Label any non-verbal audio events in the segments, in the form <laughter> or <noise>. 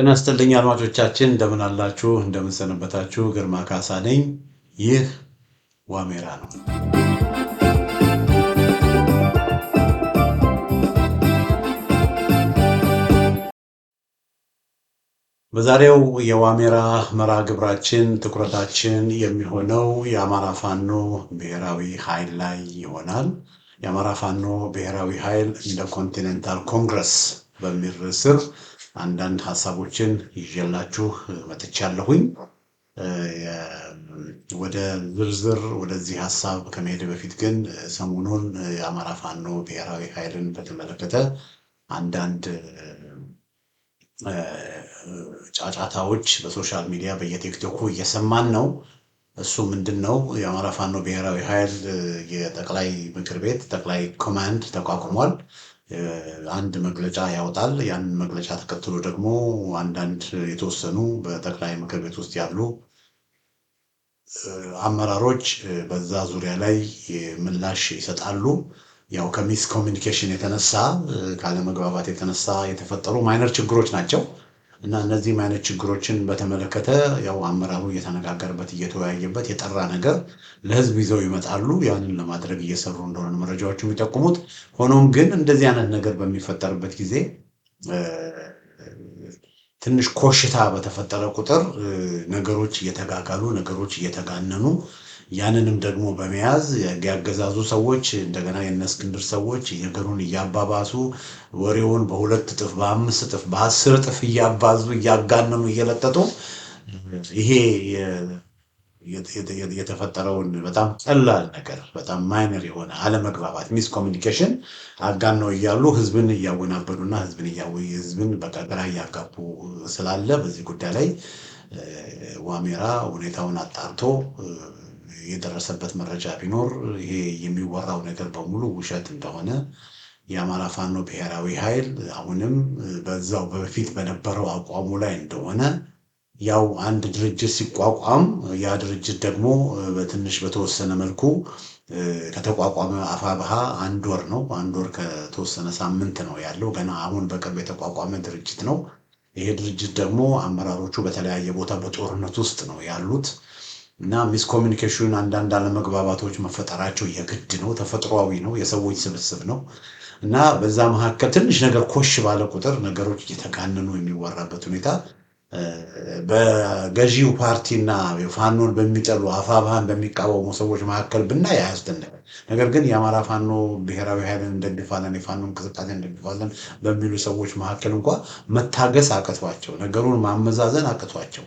ጤና ይስጥልኝ አድማጮቻችን፣ እንደምን አላችሁ? እንደምን ሰነበታችሁ? ግርማ ካሳ ነኝ። ይህ ዋሜራ ነው። በዛሬው የዋሜራ መርሃ ግብራችን ትኩረታችን የሚሆነው የአማራ ፋኖ ብሔራዊ ኃይል ላይ ይሆናል። የአማራ ፋኖ ብሔራዊ ኃይል እንደ ኮንቲኔንታል ኮንግረስ በሚል ስር አንዳንድ ሀሳቦችን ይዤላችሁ መጥቻለሁኝ። ወደ ዝርዝር ወደዚህ ሀሳብ ከመሄድ በፊት ግን ሰሞኑን የአማራ ፋኖ ብሔራዊ ኃይልን በተመለከተ አንዳንድ ጫጫታዎች በሶሻል ሚዲያ በየቲክቶኩ እየሰማን ነው። እሱ ምንድን ነው? የአማራ ፋኖ ብሔራዊ ኃይል የጠቅላይ ምክር ቤት ጠቅላይ ኮማንድ ተቋቁሟል። አንድ መግለጫ ያወጣል። ያንን መግለጫ ተከትሎ ደግሞ አንዳንድ የተወሰኑ በጠቅላይ ምክር ቤት ውስጥ ያሉ አመራሮች በዛ ዙሪያ ላይ ምላሽ ይሰጣሉ። ያው ከሚስ ኮሚኒኬሽን የተነሳ ካለመግባባት የተነሳ የተፈጠሩ ማይነር ችግሮች ናቸው። እና እነዚህም አይነት ችግሮችን በተመለከተ ያው አመራሩ እየተነጋገረበት እየተወያየበት የጠራ ነገር ለህዝብ ይዘው ይመጣሉ። ያንን ለማድረግ እየሰሩ እንደሆነ መረጃዎች የሚጠቁሙት። ሆኖም ግን እንደዚህ አይነት ነገር በሚፈጠርበት ጊዜ ትንሽ ኮሽታ በተፈጠረ ቁጥር ነገሮች እየተጋጋሉ ነገሮች እየተጋነኑ ያንንም ደግሞ በመያዝ ያገዛዙ ሰዎች እንደገና የነ እስክንድር ሰዎች ነገሩን እያባባሱ ወሬውን በሁለት እጥፍ በአምስት እጥፍ በአስር እጥፍ እያባዙ እያጋነኑ እየለጠጡ ይሄ የተፈጠረውን በጣም ቀላል ነገር በጣም ማይነር የሆነ አለመግባባት ሚስ ኮሚኒኬሽን አጋነው እያሉ ህዝብን እያወናበዱና ህዝብን ህዝብን በቀቀራ እያጋቡ ስላለ በዚህ ጉዳይ ላይ ዋሜራ ሁኔታውን አጣርቶ የደረሰበት መረጃ ቢኖር ይሄ የሚወራው ነገር በሙሉ ውሸት እንደሆነ የአማራ ፋኖ ብሔራዊ ኃይል አሁንም በዛው በፊት በነበረው አቋሙ ላይ እንደሆነ ያው አንድ ድርጅት ሲቋቋም ያ ድርጅት ደግሞ በትንሽ በተወሰነ መልኩ ከተቋቋመ አፋብሃ አንድ ወር ነው። አንድ ወር ከተወሰነ ሳምንት ነው ያለው። ገና አሁን በቅርብ የተቋቋመ ድርጅት ነው። ይሄ ድርጅት ደግሞ አመራሮቹ በተለያየ ቦታ በጦርነት ውስጥ ነው ያሉት። እና ሚስኮሚኒኬሽን አንዳንድ አለመግባባቶች መፈጠራቸው የግድ ነው፣ ተፈጥሯዊ ነው፣ የሰዎች ስብስብ ነው እና በዛ መካከል ትንሽ ነገር ኮሽ ባለ ቁጥር ነገሮች እየተጋነኑ የሚወራበት ሁኔታ በገዢው ፓርቲና ፋኖን በሚጠሉ አፋብሃን በሚቃወሙ ሰዎች መካከል ብናይ አያስደንቅም። ነገር ግን የአማራ ፋኖ ብሔራዊ ኃይልን እንደግፋለን፣ የፋኖ እንቅስቃሴ እንደግፋለን በሚሉ ሰዎች መካከል እንኳ መታገስ አቅቷቸው ነገሩን ማመዛዘን አቅቷቸው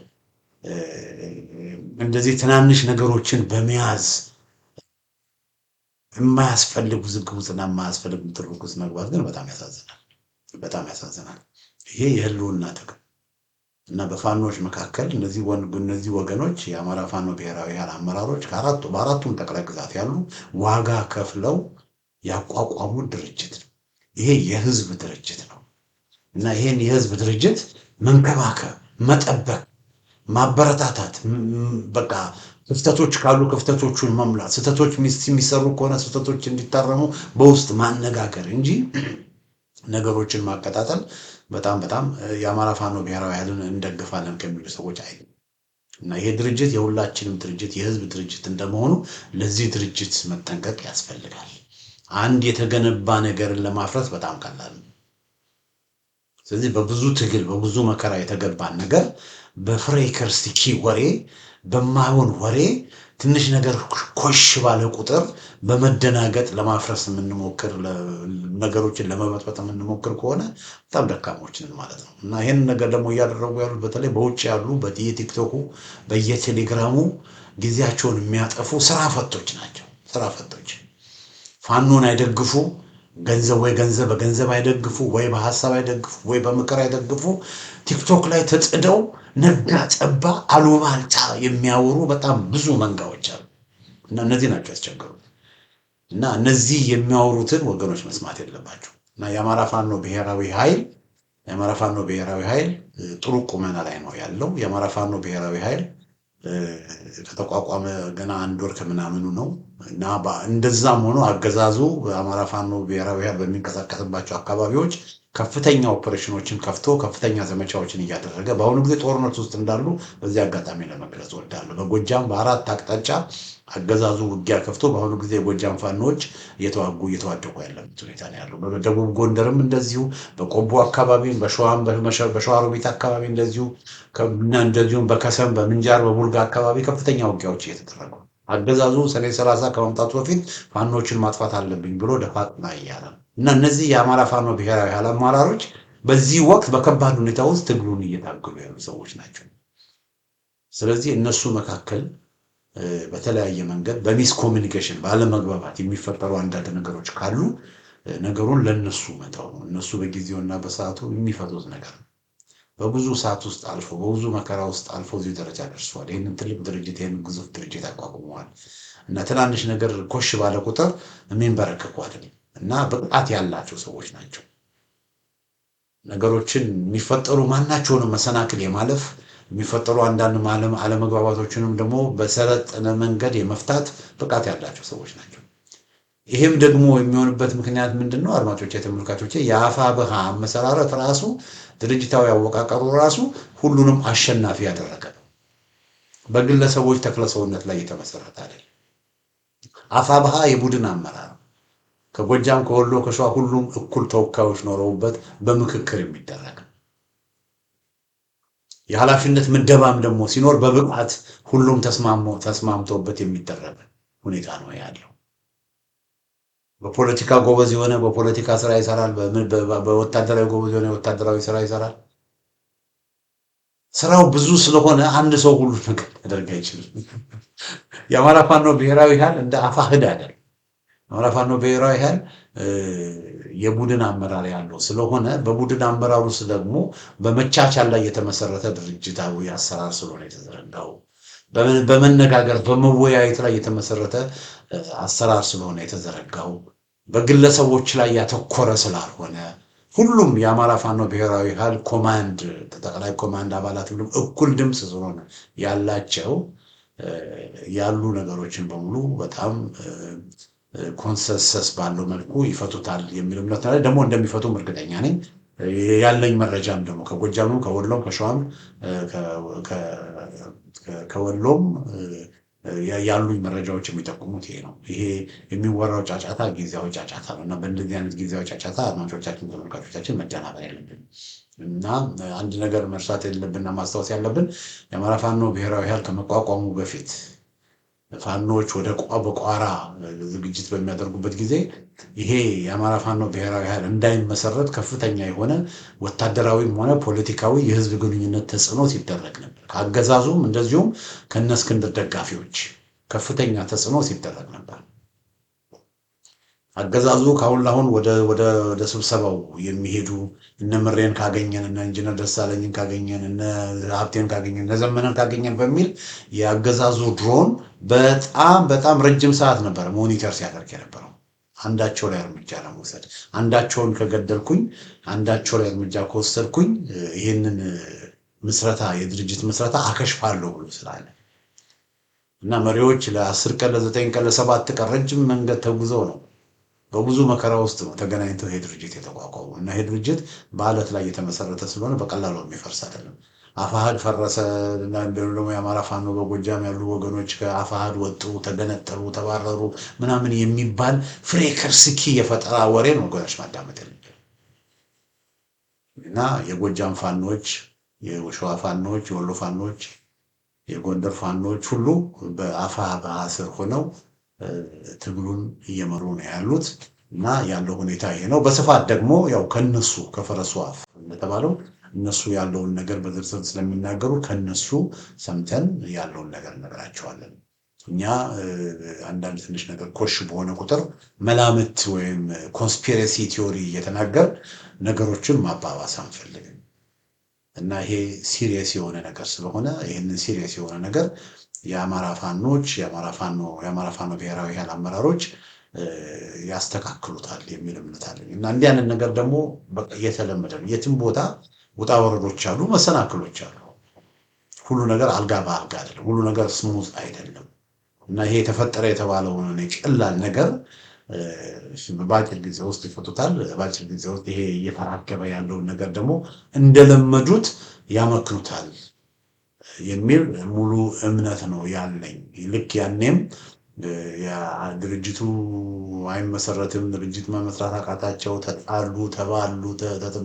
እንደዚህ ትናንሽ ነገሮችን በመያዝ የማያስፈልጉ ዝግቡትና የማያስፈልጉ የማያስፈልግ መግባት ግን በጣም ያሳዝናል፣ በጣም ያሳዝናል። ይሄ የህልውና ትግል እና በፋኖች መካከል እነዚህ ወገኖች የአማራ ፋኖ ብሔራዊ ኃይል አመራሮች በአራቱም ጠቅላይ ግዛት ያሉ ዋጋ ከፍለው ያቋቋሙ ድርጅት ነው። ይሄ የህዝብ ድርጅት ነው እና ይህን የህዝብ ድርጅት መንከባከብ፣ መጠበቅ ማበረታታት በቃ ክፍተቶች ካሉ ክፍተቶቹን መሙላት፣ ስህተቶች የሚሰሩ ከሆነ ስህተቶች እንዲታረሙ በውስጥ ማነጋገር እንጂ <clears throat> ነገሮችን ማቀጣጠል በጣም በጣም የአማራ ፋኖ ብሔራዊ ኃይልን እንደግፋለን ከሚሉ ሰዎች አይ እና ይሄ ድርጅት የሁላችንም ድርጅት የህዝብ ድርጅት እንደመሆኑ ለዚህ ድርጅት መጠንቀቅ ያስፈልጋል። አንድ የተገነባ ነገርን ለማፍረስ በጣም ቀላል ነው። ስለዚህ በብዙ ትግል በብዙ መከራ የተገባን ነገር በፍሬ ወሬ በማይሆን ወሬ ትንሽ ነገር ኮሽ ባለ ቁጥር በመደናገጥ ለማፍረስ የምንሞክር ነገሮችን ለመበጥበጥ የምንሞክር ከሆነ በጣም ደካሞችን ማለት ነው። እና ይህን ነገር ደግሞ እያደረጉ ያሉት በተለይ በውጭ ያሉ በየቲክቶኩ በየቴሌግራሙ ጊዜያቸውን የሚያጠፉ ስራ ፈቶች ናቸው። ስራ ፈቶች ፋኖን አይደግፉ ገንዘብ ወይ ገንዘብ በገንዘብ አይደግፉ ወይ በሀሳብ አይደግፉ ወይ በምክር አይደግፉ። ቲክቶክ ላይ ተጽደው ነጋ ጸባ አሉባልታ የሚያወሩ በጣም ብዙ መንጋዎች አሉ እና እነዚህ ናቸው ያስቸገሩት እና እነዚህ የሚያወሩትን ወገኖች መስማት የለባቸው እና የአማራ ፋኖ ብሔራዊ ኃይል የአማራ ፋኖ ብሔራዊ ኃይል ጥሩ ቁመና ላይ ነው ያለው። የአማራ ፋኖ ብሔራዊ ኃይል ከተቋቋመ ገና አንድ ወር ከምናምኑ ነው እና እንደዛም ሆኖ አገዛዙ በአማራ ፋኖ ብሔራዊ በሚንቀሳቀስባቸው አካባቢዎች ከፍተኛ ኦፕሬሽኖችን ከፍቶ ከፍተኛ ዘመቻዎችን እያደረገ በአሁኑ ጊዜ ጦርነት ውስጥ እንዳሉ በዚህ አጋጣሚ ለመግለጽ እወዳለሁ። በጎጃም በአራት አቅጣጫ አገዛዙ ውጊያ ከፍቶ በአሁኑ ጊዜ የጎጃም ፋኖዎች እየተዋጉ እየተዋደቁ ያለበት ሁኔታ ነው ያለው። በደቡብ ጎንደርም እንደዚሁ፣ በቆቦ አካባቢም፣ በሸዋሮቢት አካባቢ እንደዚሁ እንደዚሁም በከሰም በምንጃር በቡልጋ አካባቢ ከፍተኛ ውጊያዎች እየተደረጉ አገዛዙ ሰኔ 30 ከመምጣቱ በፊት ፋኖችን ማጥፋት አለብኝ ብሎ ደፋጥና እያለ እና እነዚህ የአማራ ፋኖ ብሔራዊ ኃይል አመራሮች በዚህ ወቅት በከባድ ሁኔታ ውስጥ ትግሉን እየታገሉ ያሉ ሰዎች ናቸው። ስለዚህ እነሱ መካከል በተለያየ መንገድ በሚስ ኮሚኒኬሽን ባለመግባባት የሚፈጠሩ አንዳንድ ነገሮች ካሉ ነገሩን ለነሱ መተው ነው። እነሱ በጊዜውና በሰዓቱ የሚፈቱት ነገር ነው። በብዙ ሰዓት ውስጥ አልፎ በብዙ መከራ ውስጥ አልፎ እዚሁ ደረጃ ደርሷል። ይህንን ትልቅ ድርጅት ይህን ግዙፍ ድርጅት አቋቁመዋል እና ትናንሽ ነገር ኮሽ ባለ ቁጥር የሚንበረከኩ አይደለም እና ብቃት ያላቸው ሰዎች ናቸው። ነገሮችን የሚፈጠሩ ማናቸውንም መሰናክል የማለፍ የሚፈጠሩ አንዳንድ አለመግባባቶችንም ደግሞ በሰለጠነ መንገድ የመፍታት ብቃት ያላቸው ሰዎች ናቸው። ይህም ደግሞ የሚሆንበት ምክንያት ምንድን ነው? አድማጮቼ፣ ተመልካቾቼ የአፋብሃ አመሰራረት ራሱ ድርጅታዊ አወቃቀሩ ራሱ ሁሉንም አሸናፊ ያደረገ ነው። በግለሰቦች ተክለሰውነት ላይ የተመሰረተ አይደለም። አፋብሃ የቡድን አመራር ከጎጃም ከወሎ ከሸዋ ሁሉም እኩል ተወካዮች ኖረውበት በምክክር የሚደረግ የኃላፊነት ምደባም ደግሞ ሲኖር በብቃት ሁሉም ተስማምቶበት የሚደረግ ሁኔታ ነው ያለው። በፖለቲካ ጎበዝ የሆነ በፖለቲካ ስራ ይሰራል። በወታደራዊ ጎበዝ የሆነ ወታደራዊ ስራ ይሰራል። ስራው ብዙ ስለሆነ አንድ ሰው ሁሉ ነገር ያደርግ አይችልም። <laughs> የአማራ ፋኖ ብሔራዊ ኃይል እንደ አፋህድ አይደል። የአማራ ፋኖ ብሔራዊ ኃይል የቡድን አመራር ያለው ስለሆነ በቡድን አመራር ውስጥ ደግሞ በመቻቻል ላይ የተመሰረተ ድርጅታዊ አሰራር ስለሆነ የተዘረጋው በመነጋገር በመወያየት ላይ የተመሰረተ አሰራር ስለሆነ የተዘረጋው በግለሰቦች ላይ ያተኮረ ስላልሆነ ሁሉም የአማራ ፋኖ ብሔራዊ ኃይል ኮማንድ ጠቅላይ ኮማንድ አባላት ሁሉም እኩል ድምፅ ስለሆነ ያላቸው ያሉ ነገሮችን በሙሉ በጣም ኮንሰንሰስ ባለው መልኩ ይፈቱታል የሚል እምነት ደግሞ እንደሚፈቱም እርግጠኛ ነኝ። ያለኝ መረጃም ደግሞ ከጎጃምም ከወሎም ከሸዋም ከወሎም ያሉኝ መረጃዎች የሚጠቁሙት ይሄ ነው። ይሄ የሚወራው ጫጫታ ጊዜያዊ ጫጫታ ነው እና በእንደዚህ አይነት ጊዜያዊ ጫጫታ አድማጮቻችን፣ ተመልካቾቻችን መደናበር ያለብን እና አንድ ነገር መርሳት የለብንና ማስታወስ ያለብን የአማራ ፋኖ ብሔራዊ ኃይል ከመቋቋሙ በፊት ፋኖዎች ወደ በቋራ ዝግጅት በሚያደርጉበት ጊዜ ይሄ የአማራ ፋኖ ብሔራዊ ኃይል እንዳይመሰረት ከፍተኛ የሆነ ወታደራዊም ሆነ ፖለቲካዊ የህዝብ ግንኙነት ተጽዕኖ ሲደረግ ነበር። ከአገዛዙም እንደዚሁም ከነእስክንድር ደጋፊዎች ከፍተኛ ተጽዕኖ ሲደረግ ነበር። አገዛዙ ከአሁን ለአሁን ወደ ስብሰባው የሚሄዱ እነ ምሬን ካገኘን እነ ኢንጂነር ደሳለኝን ካገኘን እነ ሀብቴን ካገኘን እነ ዘመነን ካገኘን በሚል የአገዛዙ ድሮን በጣም በጣም ረጅም ሰዓት ነበረ ሞኒተር ሲያደርግ የነበረው። አንዳቸው ላይ እርምጃ ለመውሰድ አንዳቸውን ከገደልኩኝ አንዳቸው ላይ እርምጃ ከወሰድኩኝ ይህንን ምስረታ የድርጅት ምስረታ አከሽፋለሁ ብሎ ስላለ እና መሪዎች ለአስር ቀን ለዘጠኝ ቀን ለሰባት ቀን ረጅም መንገድ ተጉዘው ነው በብዙ መከራ ውስጥ ነው ተገናኝተው ይሄ ድርጅት የተቋቋሙ እና ይሄ ድርጅት በአለት ላይ የተመሰረተ ስለሆነ በቀላሉ የሚፈርስ አይደለም። አፋሃድ ፈረሰ እና ደግሞ የአማራ ፋኖ በጎጃም ያሉ ወገኖች ከአፋሃድ ወጡ፣ ተገነጠሉ፣ ተባረሩ ምናምን የሚባል ፍሬ የፈጠራ ወሬ ነው ወገኖች ማዳመጥ እና የጎጃም ፋኖች፣ የሸዋ ፋኖች፣ የወሎ ፋኖች፣ የጎንደር ፋኖች ሁሉ በአፋብኃ ስር ሆነው ትግሉን እየመሩ ነው ያሉት እና ያለው ሁኔታ ይሄ ነው። በስፋት ደግሞ ያው ከነሱ ከፈረሱ አፍ እንደተባለው እነሱ ያለውን ነገር በዝርዝር ስለሚናገሩ ከነሱ ሰምተን ያለውን ነገር እነግራቸዋለን። እኛ አንዳንድ ትንሽ ነገር ኮሽ በሆነ ቁጥር መላምት ወይም ኮንስፒሬሲ ቲዮሪ እየተናገር ነገሮችን ማባባስ አንፈልግም እና ይሄ ሲሪየስ የሆነ ነገር ስለሆነ ይህንን ሲሪየስ የሆነ ነገር የአማራ ፋኖች የአማራ ፋኖ ብሔራዊ ኃይል አመራሮች ያስተካክሉታል የሚል እምነት አለኝ እና እንዲህ ያንን ነገር ደግሞ የተለመደ ነው የትም ቦታ ውጣ ወረዶች አሉ፣ መሰናክሎች አሉ። ሁሉ ነገር አልጋ በአልጋ አይደለም፣ ሁሉ ነገር ስሙዝ አይደለም። እና ይሄ የተፈጠረ የተባለውን ቀላል ነገር በአጭር ጊዜ ውስጥ ይፈቱታል። በአጭር ጊዜ ውስጥ ይሄ እየተራከበ ያለውን ነገር ደግሞ እንደለመዱት ያመክኑታል የሚል ሙሉ እምነት ነው ያለኝ። ልክ ያኔም ድርጅቱ አይመሰረትም፣ ድርጅት መመስራት አቃታቸው፣ ተጣሉ፣ ተባሉ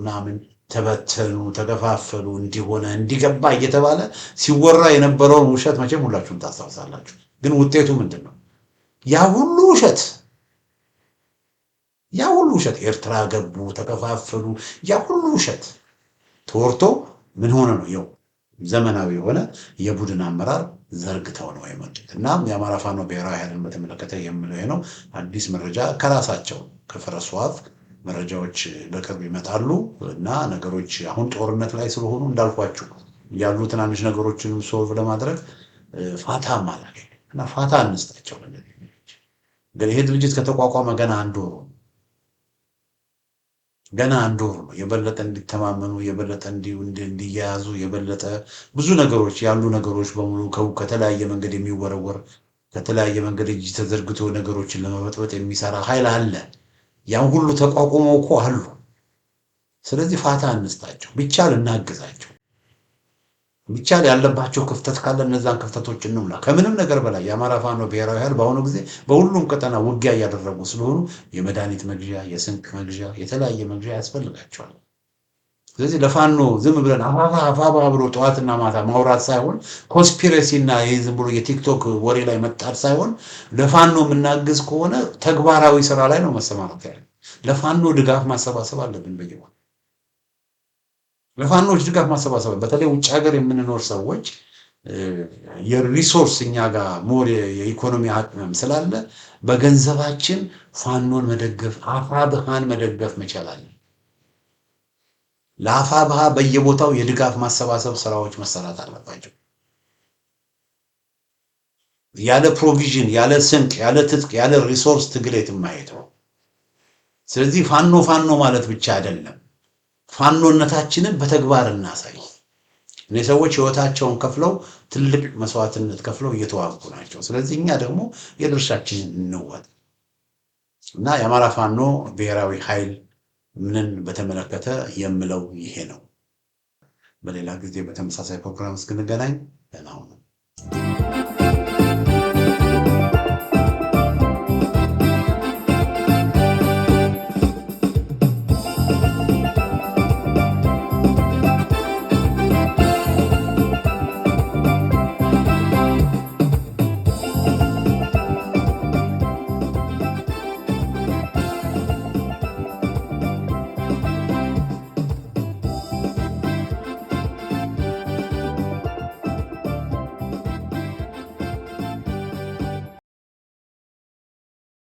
ምናምን ተበተኑ፣ ተከፋፈሉ፣ እንዲሆነ እንዲገባ እየተባለ ሲወራ የነበረውን ውሸት መቼም ሁላችሁም ታስታውሳላችሁ። ግን ውጤቱ ምንድን ነው? ያ ሁሉ ውሸት ያ ሁሉ ውሸት ኤርትራ ገቡ፣ ተከፋፈሉ፣ ያ ሁሉ ውሸት ተወርቶ ምን ሆነ ነው ይኸው ዘመናዊ የሆነ የቡድን አመራር ዘርግተው ነው የመጡት። እና የአማራ ፋኖ ብሔራዊ ኃይልን በተመለከተ የምለው ነው አዲስ መረጃ ከራሳቸው ከፈረሱ አፍ መረጃዎች በቅርብ ይመጣሉ እና ነገሮች አሁን ጦርነት ላይ ስለሆኑ እንዳልኳችሁ ያሉ ትናንሽ ነገሮችንም ሶልቭ ለማድረግ ፋታ ማለት እና ፋታ እንስጣቸው። ግን ይሄ ድርጅት ከተቋቋመ ገና አንድ ወሩ ገና አንድ ነው። የበለጠ እንዲተማመኑ፣ የበለጠ እንዲያያዙ፣ የበለጠ ብዙ ነገሮች ያሉ ነገሮች በሙሉ ከተለያየ መንገድ የሚወረወር ከተለያየ መንገድ እጅ ተዘርግቶ ነገሮችን ለመበጥበጥ የሚሰራ ኃይል አለ። ያን ሁሉ ተቋቁመው እኮ አሉ። ስለዚህ ፋታ እንስጣቸው፣ ቢቻል እናግዛቸው፣ ቢቻል ያለባቸው ክፍተት ካለ እነዛን ክፍተቶች እንሙላ። ከምንም ነገር በላይ የአማራ ፋኖ ብሔራዊ ኃይል በአሁኑ ጊዜ በሁሉም ቀጠና ውጊያ እያደረጉ ስለሆኑ የመድኃኒት መግዣ፣ የስንቅ መግዣ፣ የተለያየ መግዣ ያስፈልጋቸዋል። ስለዚህ ለፋኖ ዝም ብለን አፋፋ ብሎ ጠዋትና ማታ ማውራት ሳይሆን ኮንስፒረሲ እና ዝም ብሎ የቲክቶክ ወሬ ላይ መጣት ሳይሆን ለፋኖ የምናግዝ ከሆነ ተግባራዊ ስራ ላይ ነው መሰማራት ያለ። ለፋኖ ድጋፍ ማሰባሰብ አለብን። በየዋ ለፋኖች ድጋፍ ማሰባሰብ በተለይ ውጭ ሀገር የምንኖር ሰዎች የሪሶርስ እኛ ጋር ሞር የኢኮኖሚ አቅምም ስላለ በገንዘባችን ፋኖን መደገፍ አፋብሃን መደገፍ መቻላለን። ለአፋብሃ በየቦታው የድጋፍ ማሰባሰብ ስራዎች መሰራት አለባቸው። ያለ ፕሮቪዥን፣ ያለ ስንቅ፣ ያለ ትጥቅ፣ ያለ ሪሶርስ ትግሌት ማየት ነው። ስለዚህ ፋኖ ፋኖ ማለት ብቻ አይደለም፣ ፋኖነታችንን በተግባር እናሳይ። እኔ ሰዎች ህይወታቸውን ከፍለው ትልቅ መስዋዕትነት ከፍለው እየተዋጉ ናቸው። ስለዚህ እኛ ደግሞ የድርሻችንን እንወጥ እና የአማራ ፋኖ ብሔራዊ ኃይል ምንን በተመለከተ የምለው ይሄ ነው። በሌላ ጊዜ በተመሳሳይ ፕሮግራም እስክንገናኝ ደህና ሁኑ።